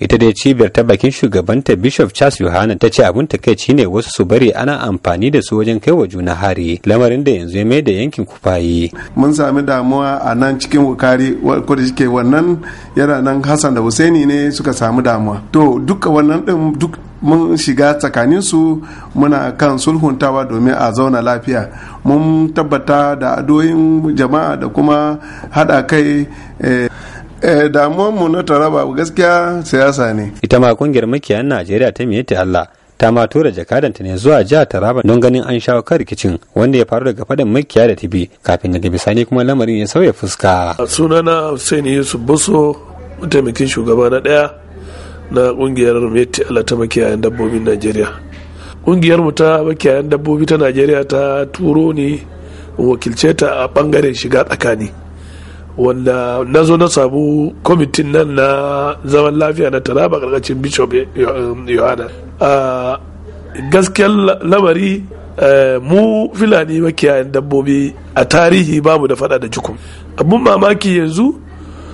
ita dai cibiyar ta bakin shugabanta bishop charles yohana ta ce abin takaici ne wasu su bari ana amfani da su wajen kai wa juna hari lamarin da yanzu ya mai da yankin kufayi mun sami damuwa a nan cikin wukari ko da shike wannan yana nan hassan da husaini ne suka samu damuwa to duka wannan din duk mun shiga tsakanin su muna kan sulhuntawa domin a zauna lafiya mun tabbata da adoyin jama'a da kuma haɗa kai eh, eh damuwar mu na taraba gaskiya siyasa ne ita ma kungiyar makiyayan najeriya ta miyete allah ta ma tura jakadanta ne zuwa jihar taraba don ganin an shawo kan rikicin wanda ya faru daga faɗin makiya da tibi kafin ga bisani kuma lamarin ya sauya fuska sunana hussein yusuf buso mataimakin shugaba na ɗaya na kungiyar meti allah ta makiyayan dabbobin najeriya kungiyar mu ta makiyayan dabbobi ta najeriya ta turo ni wakilce ta a bangaren shiga tsakani wanda na zo na samu kwamitin nan na zaman lafiya na taraba karkashin bishop um, yohana gaskiyar lamari eh, mu filani makiyayan dabbobi a tarihi babu da fada da jukun abun mamaki yanzu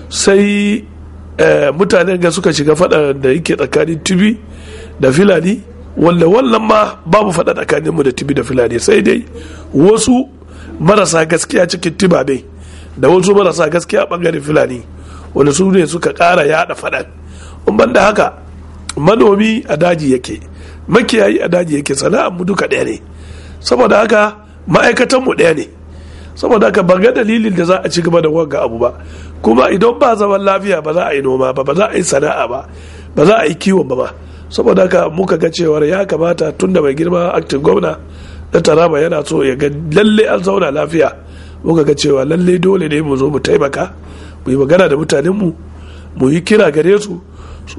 sai eh, mutanen ga suka shiga fada da yake tsakanin tubi da filani wanda wannan ma babu fada tsakaninmu da tubi da filani sai dai wasu marasa gaskiya cikin tibabe da wasu marasa gaskiya bangaren fulani wanda su ne suka kara yada fadan? in banda haka manomi a daji yake makiyayi a daji yake sana'ar mu duka ɗaya ne saboda haka ma'aikatan mu ɗaya ne saboda haka ban ga dalilin da za a ci gaba da wanga abu ba kuma idan ba zaman lafiya ba za a yi noma ba ba za a yi sana'a ba ba za a yi kiwon ba ba saboda haka muka ga cewar ya kamata tun da mai girma aktin gwamna na taraba yana so ya ga lalle an zauna lafiya muka ga cewa lallai dole ne mu zo mu taimaka mu yi magana da mutanenmu mu yi kira gare su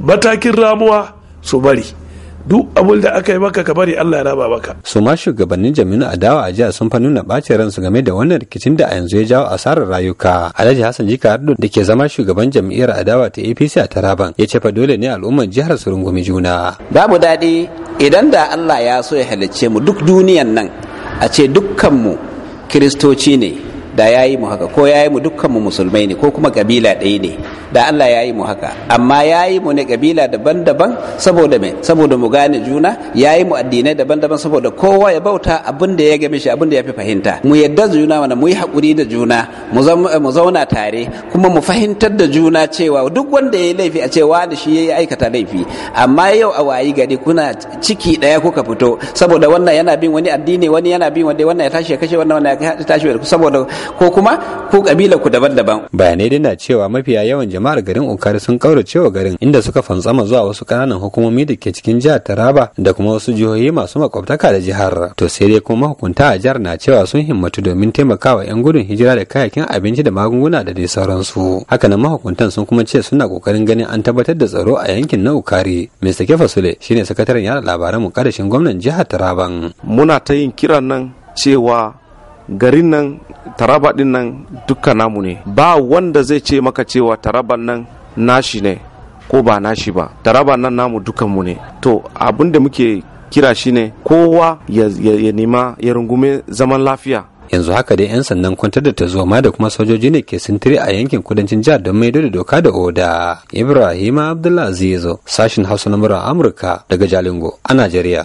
matakin ramuwa su bari duk abin da aka yi maka ka bari Allah ya raba maka. su ma shugabannin jami'u adawa a jiya sun fa nuna ɓacin ransu game da wannan rikicin da a yanzu ya jawo asarar rayuka alhaji hassan jika ardo da ke zama shugaban jami'ar adawa ta apc a taraban ya ce fa dole ne al'ummar jihar su rungumi juna. babu daɗi idan da Allah ya so ya halicce mu duk duniyan nan a ce dukkanmu kiristoci ne da ya yi mu haka ko ya yi mu dukkanmu musulmai ne ko kuma kabila ɗaya ne da Allah ya yi mu haka amma ya yi mu ne kabila daban-daban saboda me saboda mu gane juna ya yi mu addinai daban-daban saboda kowa ya bauta abin da ya game shi abin da ya fi fahimta mu yadda juna mana mu yi haƙuri da juna mu zauna tare kuma mu fahimtar da juna cewa duk wanda ya yi laifi a cewa da shi ya yi aikata laifi amma yau a wayi gari kuna ciki ɗaya kuka fito saboda wannan yana bin wani addini wani yana bin wani, wannan ya tashi ya kashe wannan ya tashi saboda ko kuma ku kabila ku daban-daban bayanai dai na cewa mafiya yawan jama'ar garin Ukari sun kaurace wa garin inda suka fantsama zuwa wasu kananan hukumomi da ke cikin jihar Taraba da kuma wasu jihohi masu makwabtaka da jihar to sai dai kuma mahukunta a jihar na cewa sun himmatu domin taimakawa 'yan gudun hijira da kayakin abinci da magunguna da dai sauransu hakanan mahukuntan sun kuma ce suna kokarin ganin an tabbatar da tsaro a yankin na Ukari Mr. Kefa Sule shine sakataren yada labaran mu mukaddashin gwamnan jihar Taraban muna ta yin kiran nan cewa garin nan taraba din nan duka namu ne ba wanda zai ce maka cewa taraban nan nashi ne ko ba nashi ba taraba nan namu mu ne to abin da muke kira shi ne. kowa ya, ya nema ya rungume zaman lafiya yanzu haka dai 'yan sandan kwantar da ta zuwa da kuma sojoji ne ke sintiri a yankin kudancin jihar don maido da doka da oda ibrahim abdullah zizo sashin hausa na amurka daga jalingo a najeriya